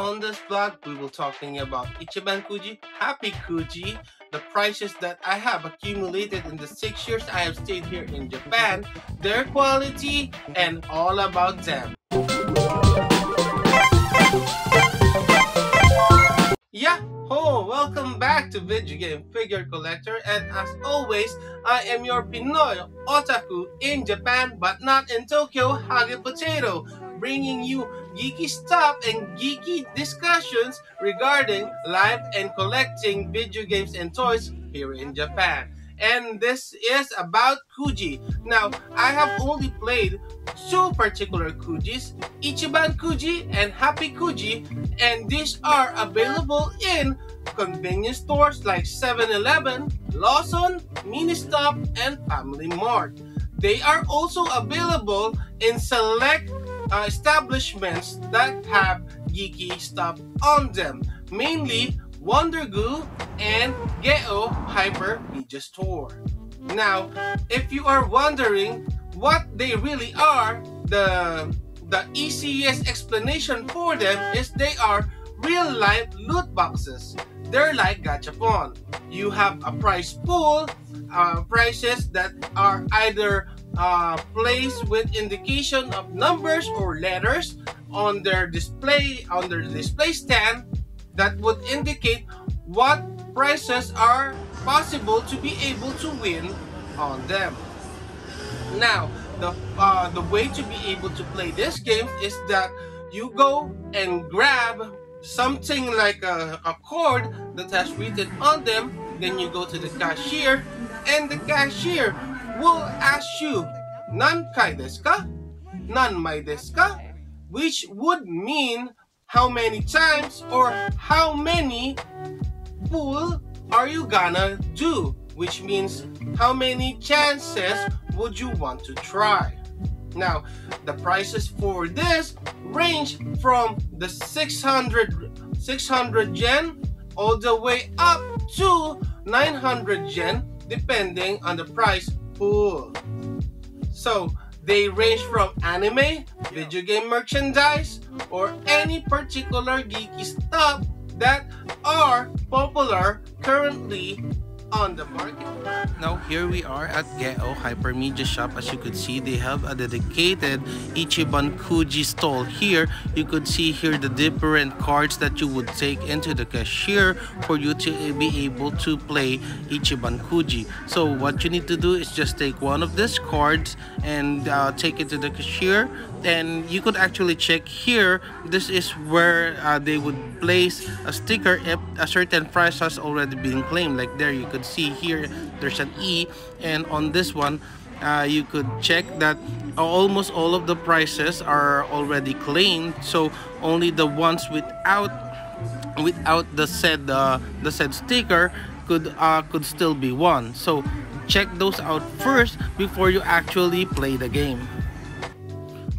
on this blog, we will talking about Ichiban Kuji, Happy Kuji, the prices that I have accumulated in the six years I have stayed here in Japan, their quality, and all about them. Yeah, Oh, welcome back to Video Game Figure Collector and as always, I am your Pinoy otaku in Japan but not in Tokyo Hage Potato bringing you geeky stuff and geeky discussions regarding life and collecting video games and toys here in Japan. And this is about Kuji. Now, I have only played two particular Kujis, Ichiban Kuji and Happy Kuji, and these are available in convenience stores like 7-Eleven, Lawson, Ministop, and Family Mart. They are also available in select uh, establishments that have geeky stuff on them, mainly Wonder Goo and Geo Hyper Media Store. Now, if you are wondering what they really are, the the easiest explanation for them is they are real-life loot boxes. They're like gachapon. You have a price pool, uh, that are either uh, placed with indication of numbers or letters on their display on their display stand that would indicate what prices are possible to be able to win on them. Now, the, uh, the way to be able to play this game is that you go and grab something like a, a cord that has written on them, then you go to the cashier, and the cashier will ask you, "Nan kai deska? Nanmai desu deska?", Which would mean how many times or how many pull are you gonna do? Which means how many chances would you want to try? Now, the prices for this range from the 600, 600 yen all the way up to 900 yen depending on the price so they range from anime, video game merchandise, or any particular geeky stuff that are popular currently on the market. Now here we are at Geo Hypermedia Shop. As you could see, they have a dedicated Ichiban Kuji stall here. You could see here the different cards that you would take into the cashier for you to be able to play Ichiban Kuji. So what you need to do is just take one of these cards and uh, take it to the cashier. And you could actually check here. This is where uh, they would place a sticker if a certain price has already been claimed. Like there, you could could see here there's an E and on this one uh, you could check that almost all of the prices are already claimed so only the ones without without the said uh, the said sticker could uh, could still be won so check those out first before you actually play the game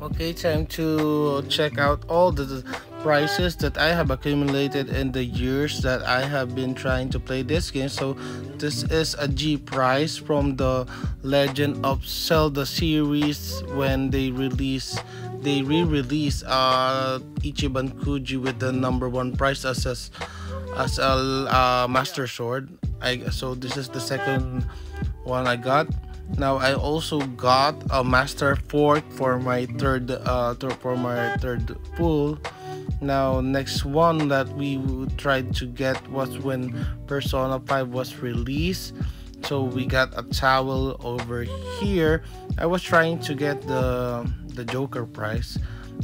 okay time to check out all the prices that I have accumulated in the years that I have been trying to play this game so this is a G price from the Legend of Zelda series when they release they re-release uh, Ichiban Kuji with the number one price as a, as a uh, Master Sword. I so this is the second one I got. Now I also got a master fork for my third uh, for my third pool. Now next one that we tried to get was when Persona 5 was released. So we got a towel over here. I was trying to get the the Joker prize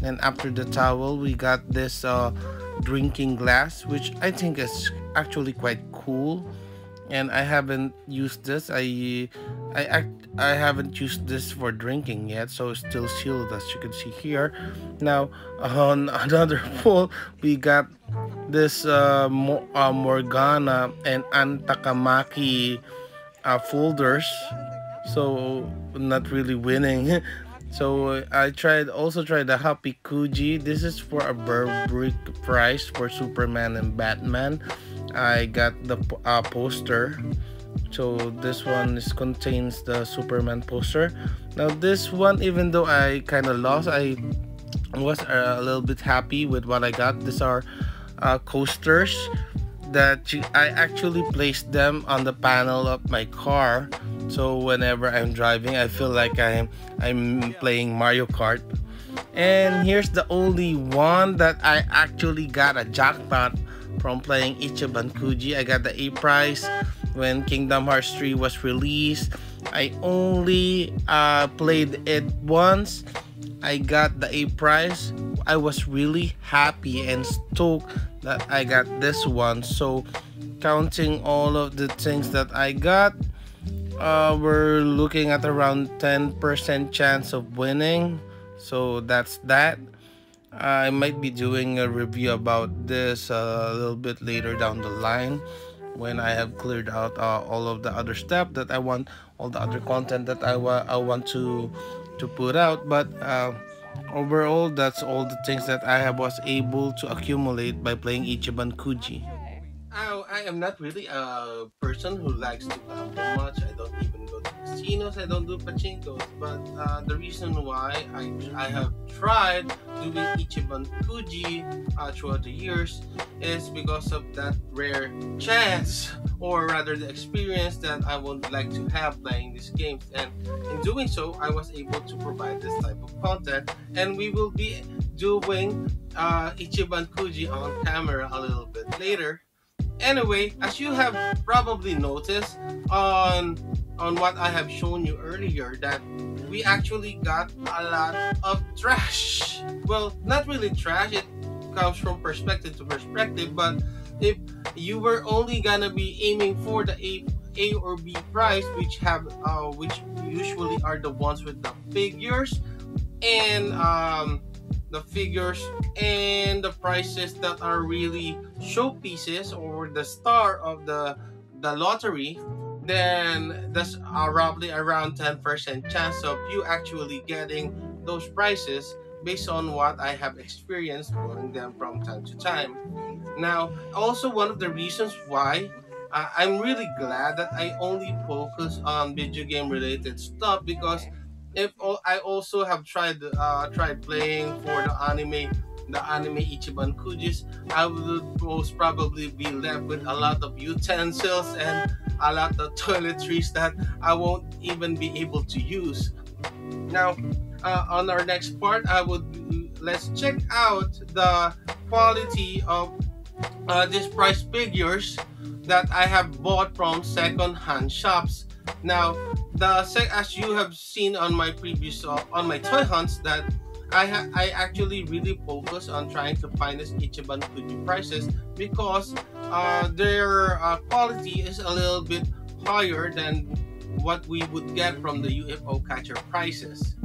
and after the towel we got this uh, drinking glass which I think is actually quite cool and I haven't used this I I act I haven't used this for drinking yet, so it's still sealed as you can see here. Now on another pull, we got this uh, Mo uh, Morgana and Antakamaki uh, folders. So not really winning. so I tried also tried the Happy Kuji. This is for a Burberry price for Superman and Batman. I got the uh, poster so this one is contains the superman poster now this one even though i kind of lost i was uh, a little bit happy with what i got these are uh, coasters that i actually placed them on the panel of my car so whenever i'm driving i feel like i'm i'm playing mario kart and here's the only one that i actually got a jackpot from playing ichiban kuji i got the a prize when Kingdom Hearts 3 was released. I only uh, played it once. I got the A prize. I was really happy and stoked that I got this one. So counting all of the things that I got, uh, we're looking at around 10% chance of winning. So that's that. I might be doing a review about this a little bit later down the line when I have cleared out uh, all of the other stuff that I want all the other content that I, wa I want to to put out but uh, overall that's all the things that I have was able to accumulate by playing Ichiban Kuji I, I am not really a person who likes to laugh too much I don't even casinos, I don't do pachinkos. But uh, the reason why I, I have tried doing Ichiban Fuji uh, throughout the years is because of that rare chance, or rather the experience that I would like to have playing these games. And in doing so, I was able to provide this type of content. And we will be doing uh, Ichiban Kuji on camera a little bit later. Anyway, as you have probably noticed on on what I have shown you earlier that we actually got a lot of trash. Well, not really trash, it comes from perspective to perspective, but if you were only gonna be aiming for the A, A or B price, which have uh, which usually are the ones with the figures and um, the figures and the prices that are really showpieces or the star of the the lottery then that's uh, roughly around 10% chance of you actually getting those prices based on what I have experienced pulling them from time to time. Now, also one of the reasons why uh, I'm really glad that I only focus on video game related stuff because if all, I also have tried uh, tried playing for the anime the anime Ichiban Kujis, I would most probably be left with a lot of utensils and a lot of toiletries that I won't even be able to use. Now, uh, on our next part, I would let's check out the quality of uh, these price figures that I have bought from second-hand shops. Now, the as you have seen on my previous uh, on my toy hunts that I ha- I actually really focus on trying to find these Ichiban Fuji prices because uh, their uh, quality is a little bit higher than what we would get from the UFO catcher prices.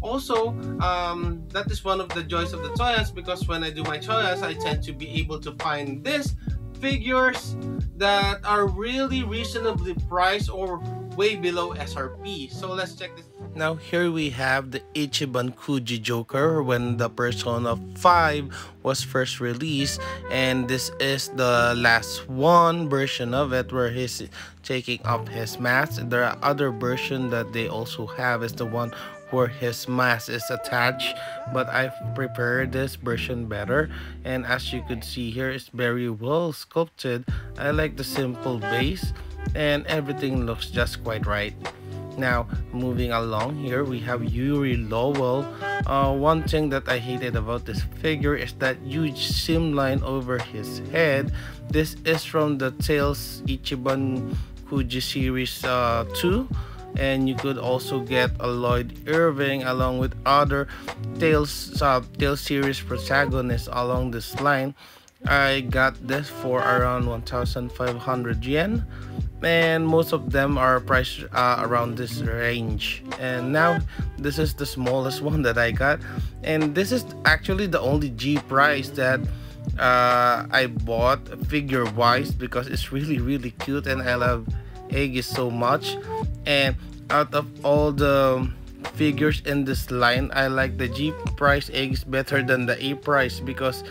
Also, um, that is one of the joys of the Toyas because when I do my Toyas, I tend to be able to find this figures that are really reasonably priced or way below SRP. So let's check this now here we have the Ichiban Kuji Joker when the Persona 5 was first released and this is the last one version of it where he's taking off his mask. There are other version that they also have is the one where his mask is attached but I've prepared this version better and as you can see here it's very well sculpted. I like the simple base and everything looks just quite right. Now, moving along here, we have Yuri Lowell. Uh, one thing that I hated about this figure is that huge seam line over his head. This is from the Tales Ichiban Kuji Series uh, 2 and you could also get a Lloyd Irving along with other Tales, uh, Tales series protagonists along this line. I got this for around 1,500 yen and most of them are priced uh, around this range and now this is the smallest one that I got and this is actually the only G price that uh, I bought figure wise because it's really really cute and I love Aegis so much and out of all the figures in this line I like the G price Aegis better than the A price because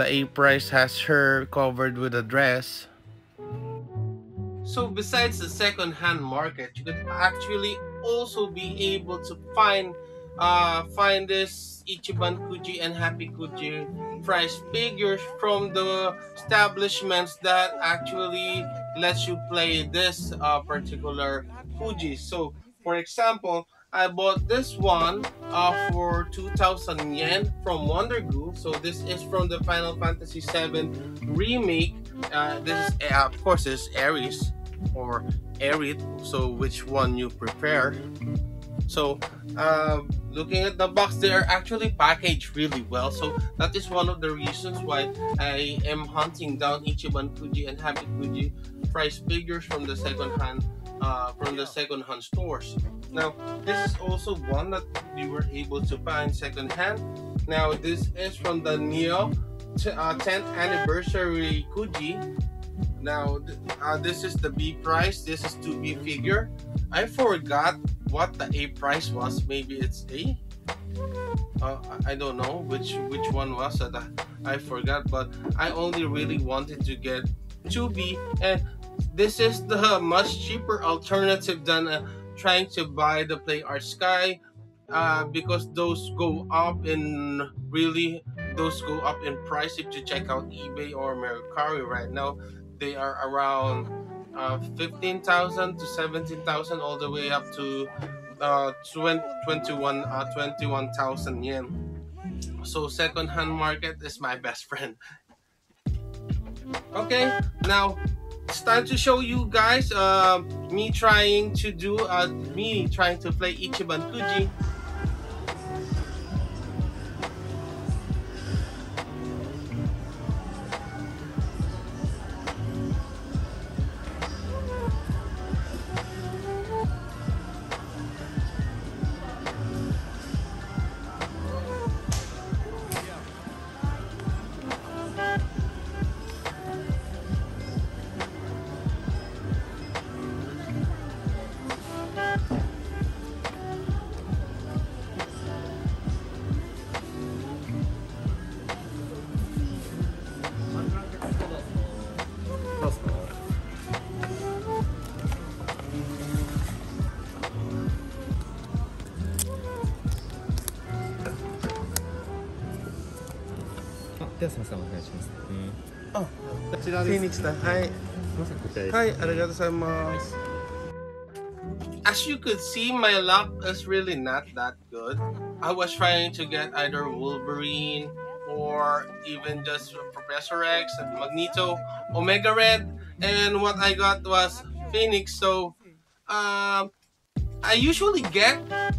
the A price has her covered with a dress. So besides the second-hand market, you could actually also be able to find uh, find this Ichiban Kuji and Happy Kuji price figures from the establishments that actually lets you play this uh, particular Kuji. So, for example, I bought this one uh, for 2,000 yen from Wonder Goo. So this is from the Final Fantasy VII remake. Uh, this is, uh, of course, is Ares or Aerith. So which one you prefer? So uh, looking at the box, they are actually packaged really well. So that is one of the reasons why I am hunting down Ichiban Fuji and Happy Fuji price figures from the second hand uh, from the second hand stores. Now, this is also one that we were able to find secondhand. Now, this is from the Neo t- uh, 10th anniversary Kuji. Now, th- uh, this is the B price. This is 2B figure. I forgot what the A price was. Maybe it's A. Uh, I don't know which which one was that I, I forgot, but I only really wanted to get 2B, and this is the much cheaper alternative than a trying to buy the Play Art Sky uh, because those go up in really those go up in price if you check out eBay or Mercari right now. They are around uh, 15,000 to 17,000 all the way up to uh, 20, 21 uh, 21,000 yen. So second-hand market is my best friend. Okay, now it's time to show you guys uh, me trying to do uh, me trying to play Ichiban Kuji As you could see, my luck is really not that good. I was trying to get either Wolverine or even just Professor X and Magneto, Omega Red, and what I got was Phoenix. So, uh, I usually get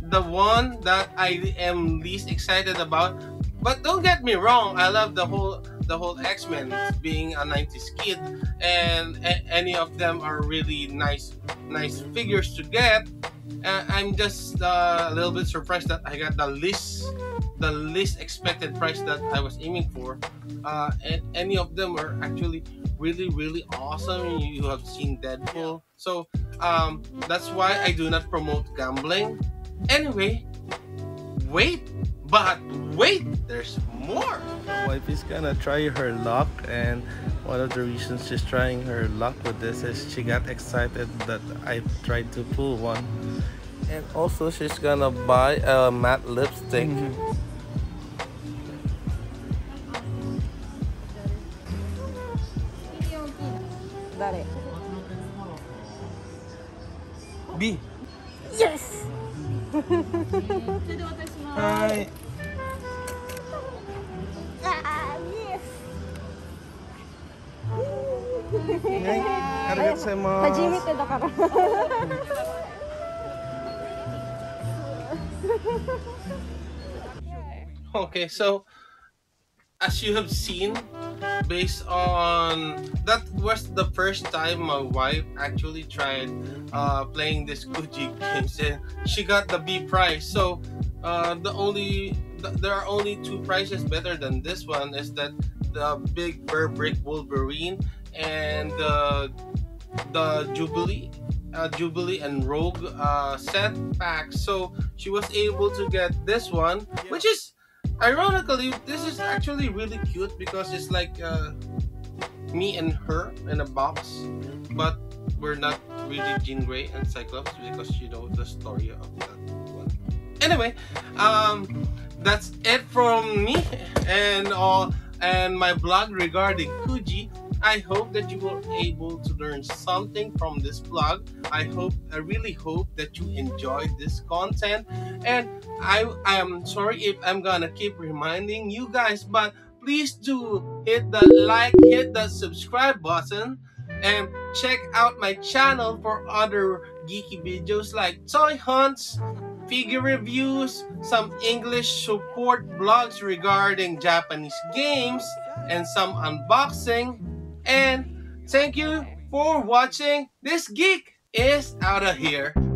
the one that I am least excited about, but don't get me wrong, I love the whole the whole X Men being a '90s kid, and a- any of them are really nice nice figures to get. Uh, I'm just uh, a little bit surprised that I got the least the least expected price that I was aiming for, uh, and any of them are actually really really awesome. You have seen Deadpool, so um, that's why I do not promote gambling. Anyway, wait but wait, there's more. My wife is gonna try her luck, and one of the reasons she's trying her luck with this is she got excited that I tried to pull one. And also, she's gonna buy a matte lipstick. Mm -hmm. B. Yes! Okay. so as you have seen, based on that was the first time my wife actually tried uh, playing this Gucci games, and she got the B prize. So uh, the only there are only two prices better than this one is that the big Burr Brick Wolverine and uh, the Jubilee uh, Jubilee and Rogue uh, set pack. So she was able to get this one, yeah. which is ironically this is actually really cute because it's like uh, me and her in a box, but we're not really Jean Grey and Cyclops because you know the story of that one anyway um that's it from me and all and my blog regarding Kuji. I hope that you were able to learn something from this blog. I hope, I really hope that you enjoyed this content. And I, I am sorry if I'm gonna keep reminding you guys, but please do hit the like, hit the subscribe button, and check out my channel for other geeky videos like toy hunts, figure reviews, some English support blogs regarding Japanese games, and some unboxing. And thank you for watching. This geek is out of here.